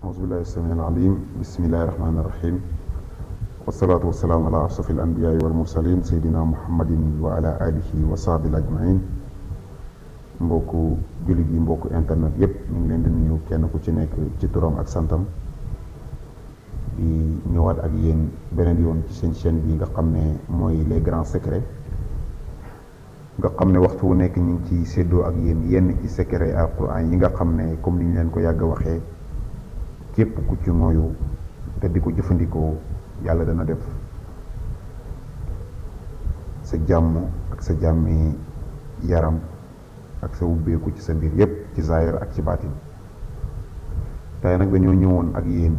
أعوذ بالله السميع العليم بسم الله الرحمن الرحيم والصلاة والسلام على أشرف الأنبياء والمرسلين سيدنا محمد وعلى آله وصحبه أجمعين mbokku jullit yi mbokku internet yépp ñu ngi leen di nuyu kenn ku ci nekk ci turam ak santam di ñëwaat ak yéen beneen yoon ci seen chaîne bi nga xam ne mooy les grands secrets nga xam ne waxtu wu nekk ñu ngi ci séddoo ak yéen yenn ci secret alquran yi nga xam ne comme ni ñu leen ko yàgg waxee képp ku ci te di ko jëfandikoo yàlla dana def sa jàmm ak sa jàmmi yaram ak sa ubbeeku ci sa mbir yépp ci zaahir ak ci baatin tey nag dañoo ñëwoon ak yéen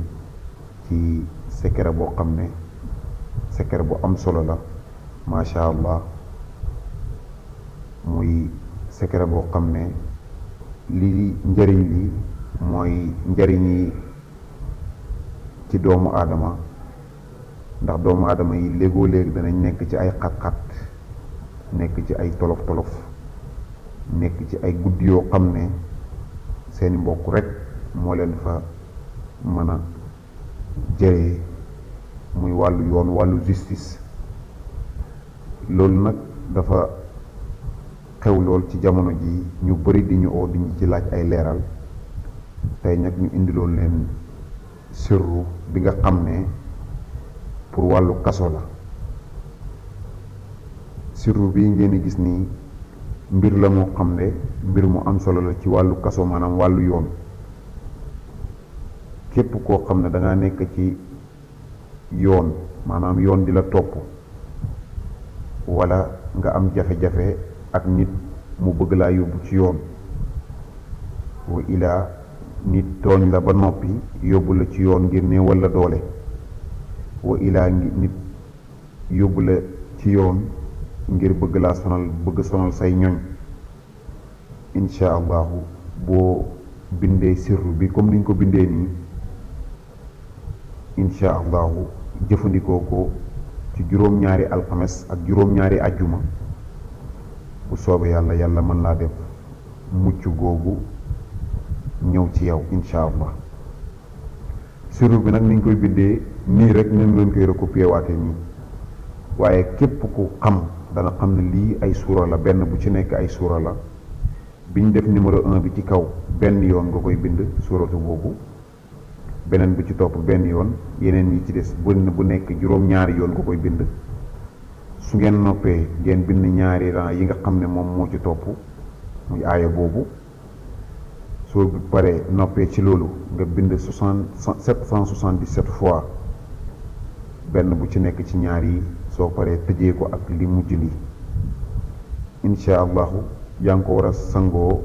ci secret boo xam ne secret bu am solo la macha allah muy secret boo xam ne lii njëriñ li mooy njëriñ yi ci doomu aadama ndax doomu aadama yi léegoo léegi danañ nekk ci ay xat-xat nekk ci ay tolof-tolof nekk ci ay guddi yoo xam ne seeni mbokk rek moo leen fa mën a jëree muy wàllu yoon wàllu justice loolu nag dafa xew lool ci jamono ji ñu bari di ñu oo di ñu ci laaj ay leeral tey nag ñu indiloon leen sirru bi nga xam ne pour wàllu kaso la sirru bi ngeen di gis nii mbir la moo xam ne mbir mu am solo la ci wàllu kaso maanaam wàllu yoon képp koo xam ne danga nekk ci yoon maanaam yoon di la topp walla nga am jafe-jafe ak nit mu bëgg laa yóbbu ci yoon wa ilaa nit tooñ la ba noppi yóbbu la ci yoon ngir néewal la doole wa ilaa ngi nit yóbbu la ci yoon ngir bëgg laa sonal bëgg sonal say ñoñ incha allahu boo bindee sirru bi comme niñ ko bindee nii incha allahu jëfandikoo ko ci juróom-ñaari alxames ak juróom-ñaari ajjuma bu soobee yàlla yàlla mën laa def mucc googu ñëw ci yow incha allah suru bi nag niñ koy bindee nii rek nañ leen koy recopier waate nii waaye képp ku xam dana xam ne lii ay suura la benn bu ci nekk ay suura la biñ def numéro un bi ci kaw benn yoon nga koy bind suuratu boobu beneen bu ci topp benn yoon yeneen yi ci des bënn bu nekk juróom-ñaari yoon nga koy bind su ngeen noppee ngeen bind ñaari ran yi nga xam ne moom moo ci topp muy aaya boobu soo paree noppee ci loolu nga bind soixante sept cent soixante-dix-sept fois benn bu ci nekk ci ñaar yi soo paree tëjee ko ak li mujj li incha allahu yaa ngi ko war a sangoo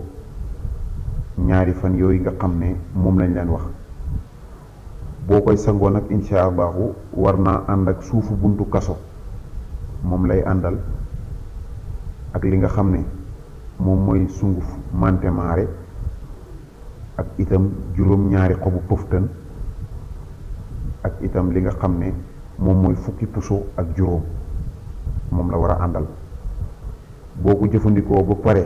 ñaari fan yooyu nga xam ne moom lañ leen wax boo koy sangoo nag incha allahu war naa ànd ak suufu buntu kaso moom lay àndal ak li nga xam ne moom mooy sunguf mante maare ak itam juróom-ñaari xobu pëftan ak itam li nga xam ne moom mooy fukki puso ak juróom moom la war a àndal boo ko jëfandikoo ba pare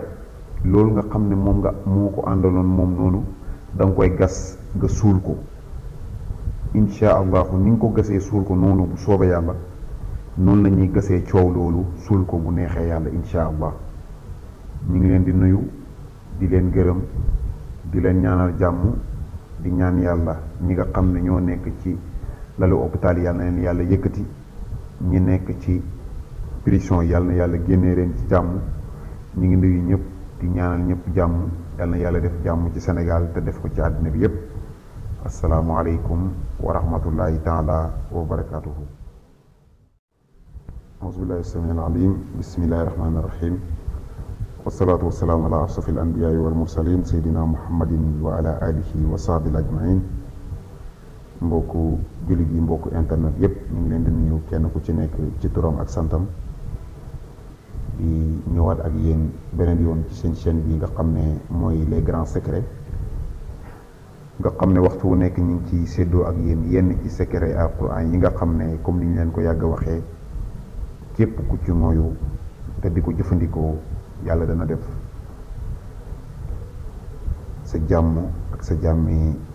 loolu nga xam ne moom nga moo ko àndaloon moom noonu da nga koy gas nga suul ko incha allahu ni nga ko gasee suul ko noonu bu soobee yàlla noonu la ñuy gasee coow loolu suul ko bu neexee yàlla incha allah ñu ngi leen di nuyu di leen gërëm di leen ñaanal jàmm di ñaan yàlla ñi nga xam ne ñoo nekk ci lalu hôpital yàlla na leen yàlla yëkkati ñi nekk ci prison yàlla yàlla génnee reen ci jàmm ñi ngi nuyu ñëpp di ñaanal ñëpp jàmm yàlla yàlla def jàmm ci senegal te def ko ci àddina bi yëpp asalaamualeykum wa rahmatullahi taala wa barakatuhu auzubillahi samil alim bismillahi rahmaani rahim والصلاة والسلام على أشرف الأنبياء والمرسلين سيدنا محمد وعلى آله وصحبه أجمعين mbokku jullit yi mbokku internet yépp ñu ngi leen di nuyu kenn ku ci nekk ci turam ak santam di ñëwaat ak yéen beneen yoon ci seen chaîne bi nga xam ne mooy les grands secrets nga xam ne waxtu wu nekk ñu ngi ciy séddoo ak yéen yenn ci secret al quran yi nga xam ne comme ni ñu leen ko yàgg waxee képp ku ci moyu te di ko jëfandikoo yàlla dana def sa jàmm ak sa jàmmi